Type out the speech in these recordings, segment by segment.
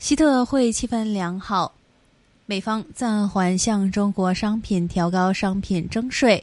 習特會氣氛良好，美方暫緩向中國商品調高商品徵稅。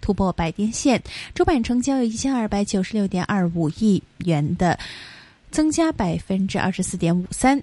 突破百天線，主板成交有一千二百九十六點二五億元的增加，百分之二十四點五三。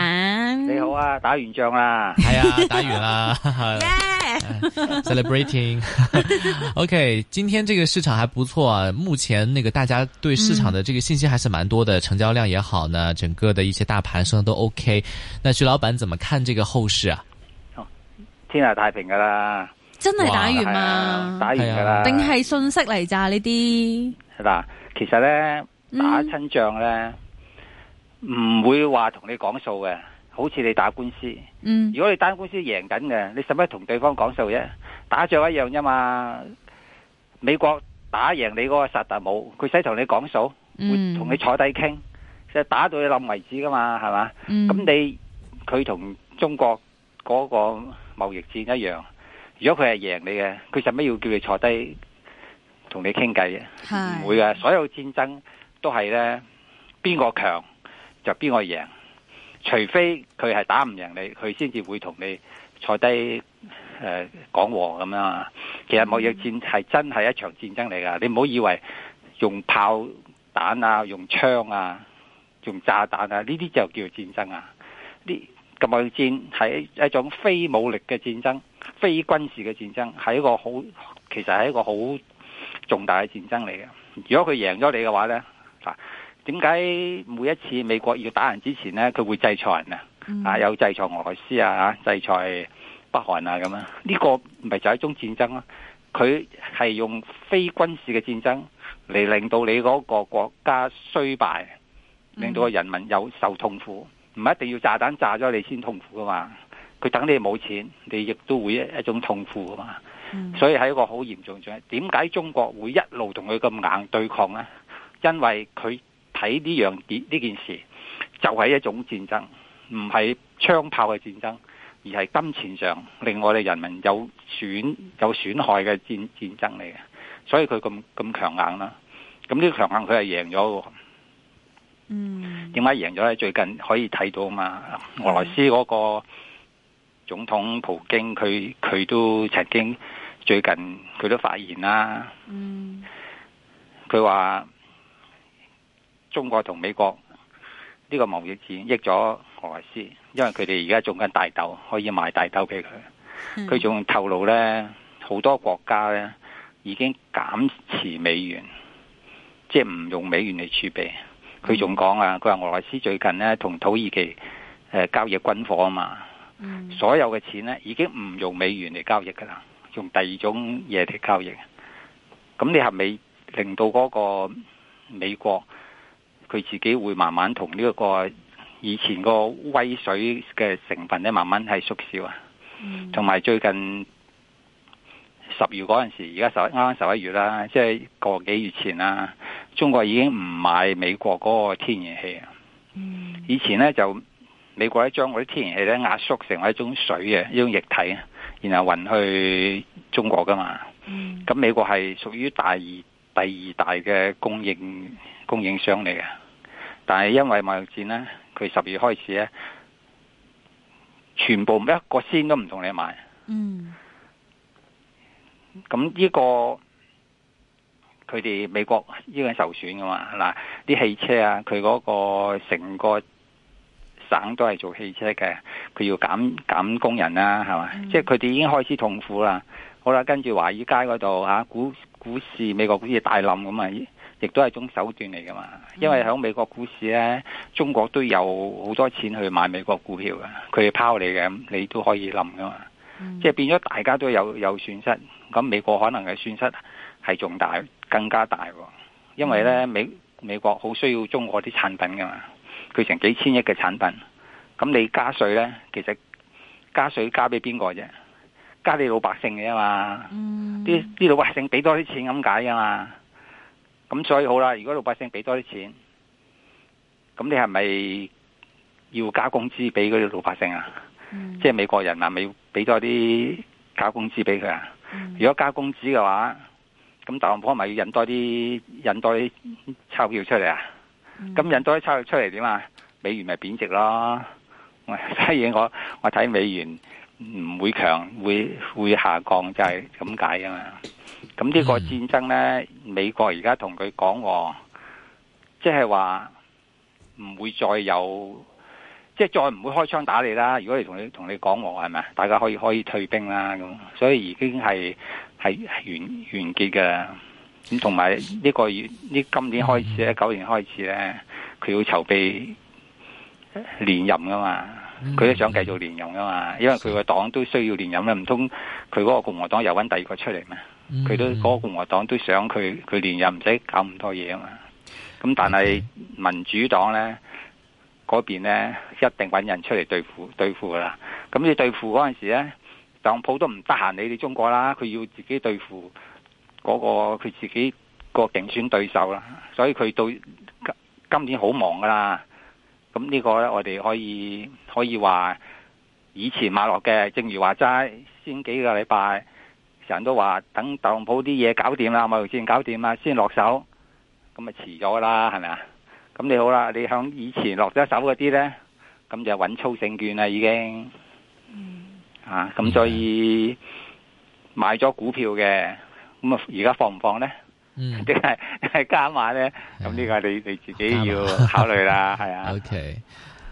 嗯、你好啊，打完仗啦，係 啊、哎，打完啦 <Yeah! 笑 >，celebrating，OK，、okay, 今天這個市場還不錯，啊，目前那個大家對市場的這個信息還是蠻多的，成交量也好呢，整個的一些大盤升都 OK，那徐老闆怎麼看這個後市啊？天下太平噶啦，真係打完嘛、啊？打完噶啦，定係、啊啊、信息嚟咋呢啲？係啦、啊，其實咧打親仗咧。嗯唔會話同你講數嘅，好似你打官司。嗯，如果你單官司贏緊嘅，你使乜同對方講數啫？打仗一樣啫嘛。美國打贏你嗰個薩達姆，佢使同你講數，同你坐低傾，即係打到你冧為止㗎嘛，係嘛？咁你佢同中國嗰個貿易戰一樣，如果佢係贏你嘅，佢使乜要叫你坐低同你傾偈？唔會嘅，所有戰爭都係咧，邊個強？就邊個贏？除非佢係打唔贏你，佢先至會同你坐低誒，講和咁樣啊。其實貿易戰係真係一場戰爭嚟噶，你唔好以為用炮彈啊、用槍啊、用炸彈啊呢啲就叫做戰爭啊！呢，咁貿易戰係一種非武力嘅戰爭、非軍事嘅戰爭，係一個好，其實係一個好重大嘅戰爭嚟嘅。如果佢贏咗你嘅話呢。嗱。點解每一次美國要打人之前呢，佢會制裁人啊、嗯？啊，有制裁俄羅斯啊，制裁北韓啊咁啊？呢、呢個唔係就係一種戰爭咯、啊。佢係用非軍事嘅戰爭嚟令到你嗰個國家衰敗，令到個人民有受痛苦。唔、嗯、一定要炸彈炸咗你先痛苦噶嘛？佢等你冇錢，你亦都會一種痛苦噶嘛、嗯。所以係一個好嚴重嘅。點解中國會一路同佢咁硬對抗呢？因為佢。睇呢樣呢件事就係一種戰爭，唔係槍炮嘅戰爭，而係金錢上令我哋人民有損有損害嘅戰戰爭嚟嘅，所以佢咁咁強硬啦。咁呢個強硬佢係贏咗嘅。嗯，點解贏咗咧？最近可以睇到嘛？俄羅斯嗰個總統普京，佢佢都曾經最近佢都發言啦。嗯，佢話。中國同美國呢個貿易戰益咗俄羅斯，因為佢哋而家種緊大豆，可以賣大豆俾佢。佢仲透露呢，好多國家呢已經減持美元，即係唔用美元嚟儲備。佢仲講啊，佢話俄羅斯最近呢同土耳其誒交易軍火啊嘛，所有嘅錢呢已經唔用美元嚟交易噶啦，用第二種嘢嚟交易。咁你係咪令到嗰個美國？佢自己會慢慢同呢一個以前個威水嘅成分咧，慢慢係縮小啊。同、嗯、埋最近十月嗰陣時，而家十啱啱十一月啦，即係個幾月前啦，中國已經唔買美國嗰個天然氣啊、嗯。以前呢，就美國咧將嗰啲天然氣咧壓縮成為一種水啊，一種液體，然後運去中國噶嘛。咁、嗯、美國係屬於第二第二大嘅供應。供應商嚟嘅，但係因為貿易戰咧，佢十月開始咧，全部唔一個仙都唔同你買。嗯。咁呢、這個佢哋美國呢個受損噶嘛？嗱，啲汽車啊，佢嗰個成個省都係做汽車嘅，佢要減減工人啦、啊，係嘛、嗯？即係佢哋已經開始痛苦啦。好啦，跟住華爾街嗰度啊，股股市美國股市大冧咁啊！亦都係一種手段嚟噶嘛，因為喺美國股市咧，中國都有好多錢去買美國股票嘅，佢拋你嘅，咁你都可以冧噶嘛。嗯、即係變咗大家都有有損失，咁美國可能嘅損失係仲大更加大喎。因為咧、嗯、美美國好需要中國啲產品噶嘛，佢成幾千億嘅產品，咁你加稅咧，其實加稅加俾邊個啫？加俾老百姓嘅嘛，啲、嗯、啲老百姓俾多啲錢咁解噶嘛。咁最好啦，如果老百姓俾多啲錢，咁你係咪要加工資俾嗰啲老百姓啊？嗯、即係美國人啊，咪俾多啲加工資俾佢啊、嗯？如果加工資嘅話，咁特朗普係咪要引多啲引多啲鈔票出嚟啊？咁、嗯、引多啲鈔票出嚟點啊？美元咪貶值咯？所以我我睇美元。唔會強，會會下降，就係咁解啊嘛。咁呢個戰爭呢，美國而家同佢講和，即係話唔會再有，即係再唔會開槍打你啦。如果你同你同你講和係咪？大家可以可以退兵啦。咁所以已經係係係完完結噶。咁同埋呢個月呢，今年開始呢，九年開始呢，佢要籌備連任噶嘛。佢、嗯、都想繼續連任噶嘛，因為佢個黨都需要連任啦，唔通佢嗰個共和黨又揾第二個出嚟咩？佢、嗯、都嗰、嗰個共和黨都想佢佢連任，唔使搞咁多嘢啊嘛。咁但係民主黨呢，嗰邊呢一定揾人出嚟對付對付噶啦。咁你對付嗰陣時呢，特朗普都唔得閒理你中國啦，佢要自己對付嗰、嗰個佢自己個競選對手啦，所以佢到今年好忙噶啦。咁呢個咧，我哋可以可以話以前買落嘅，正如話齋先幾個禮拜，成日都話等特朗普啲嘢搞掂啦，貿易戰搞掂啦，先落手，咁咪遲咗啦，係咪啊？咁你好啦，你響以前落咗手嗰啲咧，咁就穩操勝券啦，已經，啊，咁所以買咗股票嘅，咁啊而家放唔放咧？嗯，即係係加碼咧，咁、嗯、呢個你你自己要考慮啦，係 啊。Okay.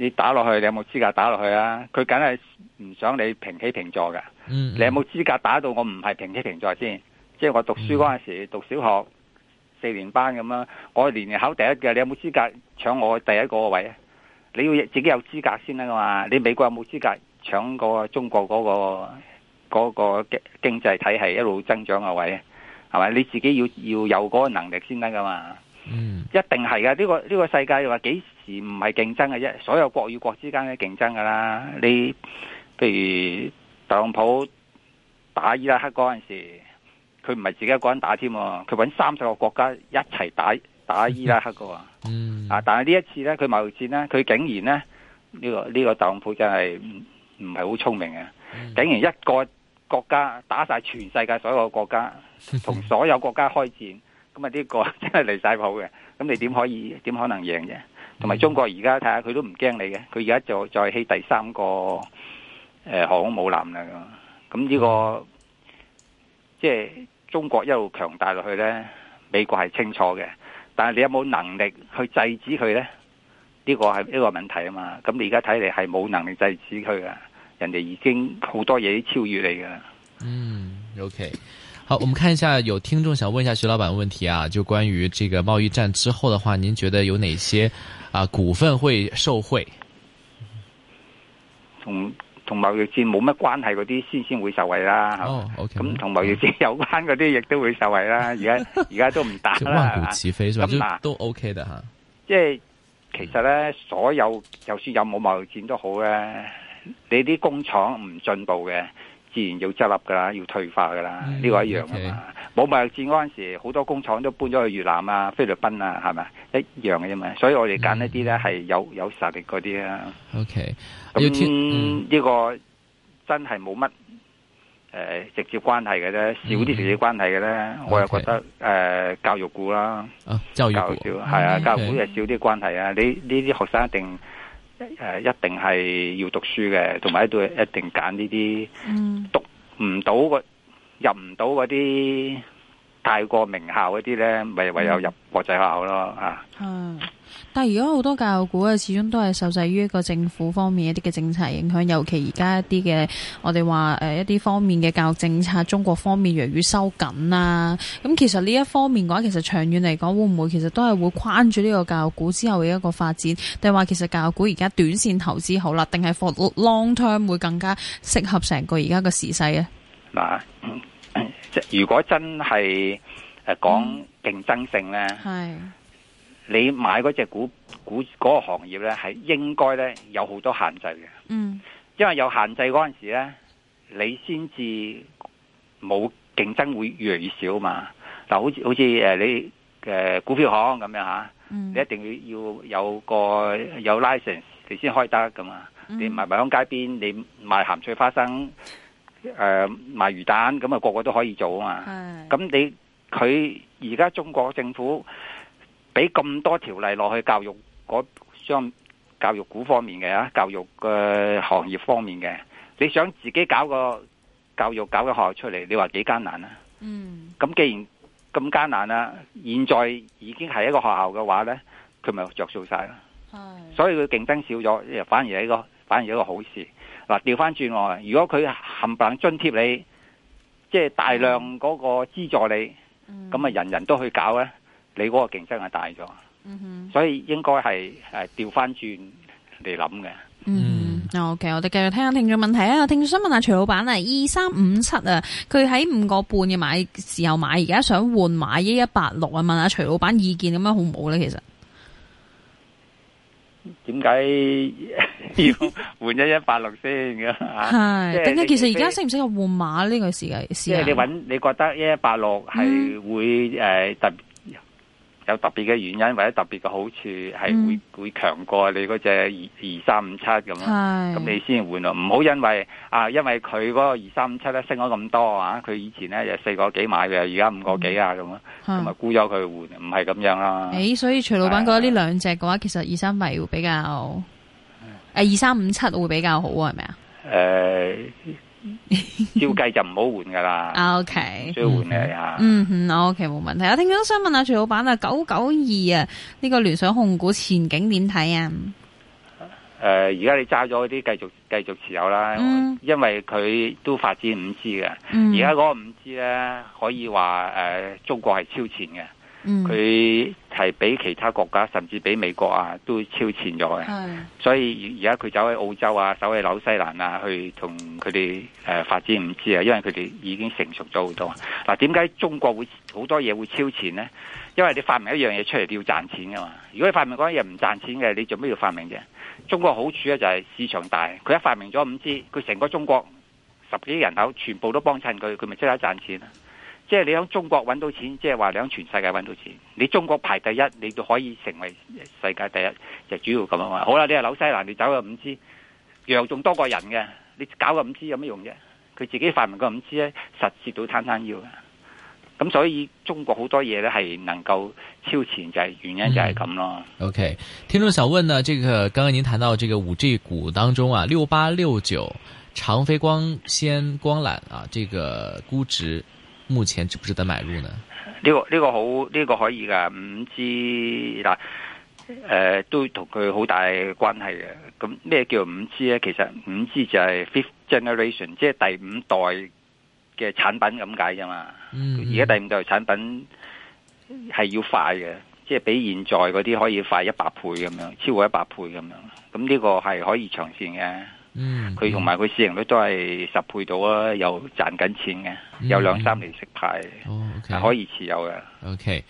你打落去，你有冇資格打落去啊？佢梗係唔想你平起平坐嘅，嗯嗯。你有冇資格打到我唔係平起平坐先？即、就、係、是、我讀書嗰陣時候，嗯，讀小學四年班咁啦，我年年考第一嘅。你有冇資格搶我第一嗰個位啊？你要自己有資格先得噶嘛。你美國有冇資格搶過中國嗰、嗰個嗰、嗰個經濟體系一路增長嘅位啊？係咪？你自己要要有嗰個能力先得噶嘛。嗯，一定係噶。呢、呢個呢、呢個世界又話幾？而唔係競爭嘅啫，所有國與國之間嘅競爭噶啦。你譬如特朗普打伊拉克嗰陣時候，佢唔係自己一個人打添，佢揾三十個國家一齊打打伊拉克噶、嗯。啊！但係呢一次咧，佢貿易戰咧，佢竟然咧呢、這個呢、這個特朗普真係唔係好聰明嘅、嗯，竟然一個國家打晒全世界所有嘅國家，同所有國家開戰，咁啊呢個真係離晒譜嘅。咁你點可以？點可能贏啫？同、嗯、埋中國而家睇下佢都唔驚你嘅，佢而家就再起第三個誒、呃、航空母艦嚟。咁、呢個，咁呢個即係中國一路強大落去咧，美國係清楚嘅，但係你有冇能力去制止佢咧？呢、呢個係一、呢個問題啊嘛，咁你而家睇嚟係冇能力制止佢嘅，人哋已經好多嘢都超越你嘅、嗯。嗯，OK。好、啊，我們看一下有聽眾想問一下徐老闆問題啊，就關於這個貿易戰之後的話，您覺得有哪些啊股份會受惠？同同貿易戰冇乜關係嗰啲先先會受惠啦，吓、oh, okay. 嗯。哦，好。咁同貿易戰有關嗰啲亦都會受惠啦。而家而家都唔打啦嘛。萬股齊飛，所以都 OK 的吓。即、嗯、係其實咧，所有就算有冇貿易戰都好嘅，你啲工廠唔進步嘅。自然要執笠噶啦，要退化噶啦，呢個一樣啊嘛。冇貿戰嗰陣時，好多工廠都搬咗去越南啊、菲律賓啊，係咪一樣嘅啫嘛。所以我哋揀一啲咧係有有實力嗰啲啊。O K，咁呢個真係冇乜誒直接關係嘅咧，少啲直接關係嘅咧，我又覺得誒教育股啦，教育股少係啊，教育股係少啲關係啊。你呢啲學生一定。誒、呃，一定係要讀書嘅，同埋喺度一定揀呢啲讀唔到入唔到嗰啲太過名校嗰啲咧，咪唯有入國際學校咯啊！嗯但係而家好多教育股始終都係受制於一個政府方面一啲嘅政策影響，尤其而家一啲嘅我哋話誒一啲方面嘅教育政策，中國方面由於收緊啊。咁其實呢一方面嘅話，其實長遠嚟講會唔會其實都係會關注呢個教育股之後嘅一個發展？定係話其實教育股而家短線投資好啦，定係 for long term 會更加適合成個而家嘅時勢啊？嗱，如果真係講講競爭性呢？係。你買嗰隻股股嗰個行業咧，係應該咧有好多限制嘅。嗯，因為有限制嗰陣時咧，你先至冇競爭會越嚟越少嘛。嗱，好似好似誒你誒、呃、股票行咁樣吓、嗯，你一定要要有個有 license 你先開得噶嘛。嗯、你埋埋喺街邊，你賣鹹脆花生，誒、呃、賣魚蛋，咁啊個個都可以做啊嘛。咁你佢而家中國政府。俾咁多條例落去教育嗰商教育股方面嘅啊，教育嘅、呃、行業方面嘅，你想自己搞個教育搞個學校出嚟，你話幾艱難啊？嗯，咁既然咁艱難啦，現在已經係一個學校嘅話呢，佢咪着數晒啦。所以佢競爭少咗，反而係一個反而一個好事。嗱、啊，調翻轉我，如果佢冚唪唥津貼你，即、就、係、是、大量嗰個資助你，咁、嗯、啊，人人都去搞呢你嗰個競爭係大咗，嗯，所以應該係誒調翻轉嚟諗嘅。嗯，OK，我哋繼續聽下聽眾問題啊。聽眾想問下徐老闆啊，二三五七啊，佢喺五個半嘅買的時候買，而家想換馬一一八六啊，問下徐老闆的意見點樣好唔好咧？其實點解要換一一八六先嘅？係點解？其實而家適唔適合換馬呢個時間？你揾你覺得一一八六係會誒、嗯、呃、特有特別嘅原因或者特別嘅好處，係會、嗯、會強過你嗰隻二二三五七咁咯，咁你先換咯。唔好因為啊，因為佢嗰個二三五七咧升咗咁多啊，佢以前咧又四個幾買嘅，而家五個幾啊咁咯，咁啊沽咗佢換，唔係咁樣啦。誒、欸，所以徐老闆覺得呢兩隻嘅話，其實二三咪會比較誒二三五七會比較好，係咪啊？誒、欸。照計就唔好換噶啦，OK，需要換你下，嗯，OK，冇、mm -hmm. okay，問題。我聽講想問下徐老闆啊，九九二啊，呢個聯想控股前景點睇啊？誒、呃，而家你揸咗啲繼續繼續持有啦、嗯，因為佢都發展五 G 嘅，而家嗰個五 G 咧可以話誒、呃，中國係超前嘅。佢、嗯、係比其他國家甚至比美國啊都超前咗嘅，所以而家佢走去澳洲啊，走去紐西蘭啊，去同佢哋誒發展五 G 啊，因為佢哋已經成熟咗好多了。嗱、啊，點解中國會好多嘢會超前呢？因為你發明一樣嘢出嚟你要賺錢噶嘛，如果你發明嗰樣嘢唔賺錢嘅，你做咩要發明啫？中國好處咧就係市場大，佢一發明咗五 G，佢成個中國十幾億人口全部都幫襯佢，佢咪即刻賺錢啊！即係你喺中國揾到錢，即係話你喺全世界揾到錢。你中國排第一，你都可以成為世界第一，就是、主要咁啊嘛。好啦，你係紐西蘭，你搞個五 G，又仲多個人嘅，你搞個五 G 有咩用啫？佢自己發明個五 G，咧，實現到撐撐腰嘅。咁所以中國好多嘢咧係能夠超前，就係原因就係咁咯。OK，聽眾想問呢，這個剛剛您談到這個五 G 股當中啊，六八六九長飛光纖光纜啊，這個估值。目前值唔值得買入呢？呢個呢個好呢個可以噶五 G 嗱，誒、呃、都同佢好大關係嘅。咁、嗯、咩、嗯、叫五 G 咧？其實五 G 就係 fifth generation，即係第五代嘅產品咁解啫嘛。而、嗯、家第五代產品係要快嘅，即係比現在啲可以快一百倍咁樣，超過一百倍咁樣。咁呢個係可以長線嘅。嗯，佢同埋佢市盈率都係十倍到啊，又賺緊錢嘅、嗯，有兩三年食牌，係、哦 okay, 啊、可以持有嘅。OK，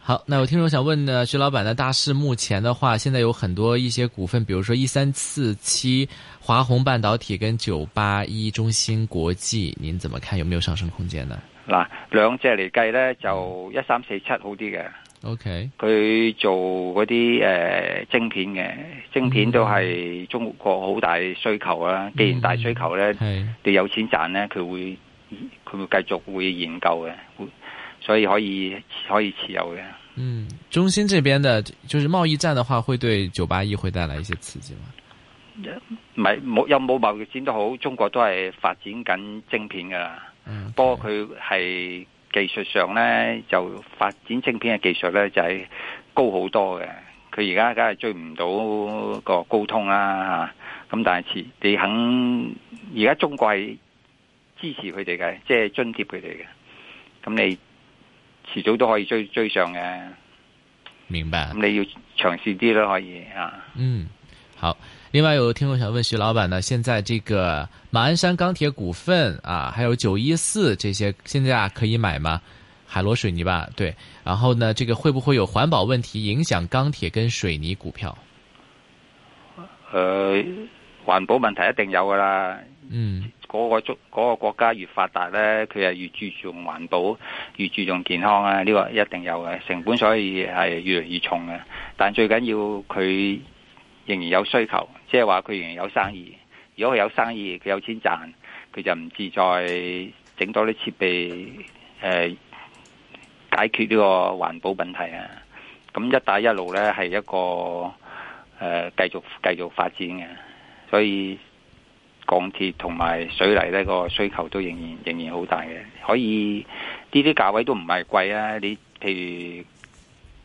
好，那我聽眾想問呢，徐老闆呢，大市目前的話，現在有很多一些股份，比如說一三四七華虹半導體跟九八一中芯國際，您怎麼看，有沒有上升空間呢？嗱，兩隻嚟計呢，就1347一三四七好啲嘅。OK，佢做嗰啲誒晶片嘅晶片都係中國好大需求啊、嗯。既然大需求咧，你、嗯、有錢賺咧，佢會佢會繼續會研究嘅，所以可以可以持有嘅。嗯，中芯這邊的，就是、貿易戰的話，會對九八一會帶來一些刺激嘛？唔係冇有冇貿易戰都好，中國都係發展緊晶片噶啦。嗯，不過佢係。技術上咧就發展晶片嘅技術咧就係高好多嘅，佢而家梗係追唔到個高通啦吓，咁但係你肯而家中國係支持佢哋嘅，即係津貼佢哋嘅，咁你遲早都可以追追上嘅。明白，咁你要嘗試啲咯，可以吓。嗯，好。另外有聽眾想問徐老闆呢，現在這個馬鞍山鋼鐵股份啊，還有九一四這些，現在、啊、可以買嗎？海螺水泥吧，對。然後呢，這個會不會有環保問題影響鋼鐵跟水泥股票？呃，環保問題一定有噶啦。嗯，嗰、嗰個中、嗰個國家越發達呢，佢係越注重環保，越注重健康啊，呢、呢個一定有嘅成本，所以係越嚟越重嘅。但最緊要佢仍然有需求。即係話佢仍然有生意，如果佢有生意，佢有錢賺，佢就唔志在整多啲設備，誒、呃、解決呢個環保問題啊！咁一帶一路呢係一個誒繼、呃、續繼續發展嘅，所以鋼鐵同埋水泥呢，那個需求都仍然仍然好大嘅。可以呢啲價位都唔係貴啊！你譬如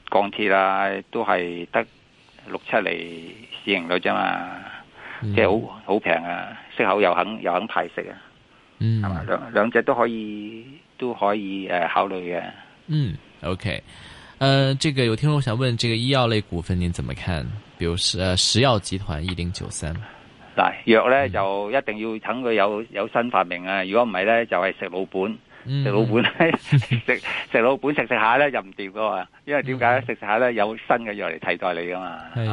鋼鐵啦，都係得。六七厘市盈率啫嘛，即係好好平啊，息口又肯又肯派息啊，係、嗯、嘛兩兩隻都可以都可以誒、呃、考慮嘅。嗯，OK，誒、呃，這個有聽眾想問，這個醫藥類股份你怎麼看？比如石石、呃、藥集團一零九三，嗱藥咧、嗯、就一定要等佢有有新發明啊，如果唔係咧就係、是、食老本。食、嗯、老本咧食 老本食食下咧又唔掂噶嘛，因為點解咧食食下咧有新嘅藥嚟替代你噶嘛，係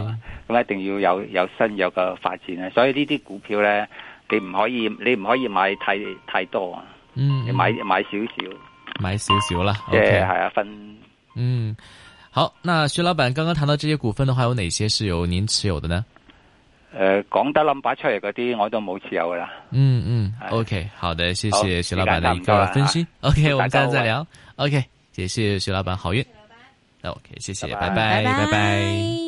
咁、啊、一定要有有新藥嘅發展咧，所以呢啲股票咧你唔可以你唔可以買太太多啊，你買、嗯、買少少買少少啦，O K 係一份嗯好。那徐老闆剛剛談到這些股份的話，有哪些是由您持有的呢？誒、呃，講得冧擺出嚟嗰啲，我都冇持有噶啦。嗯嗯，OK，好嘅，謝謝徐老闆嘅一個分析。OK, 啊、OK, OK，我哋下次再聊、啊。OK，謝謝徐老闆，好運。OK，謝謝，拜拜，拜拜。拜拜拜拜拜拜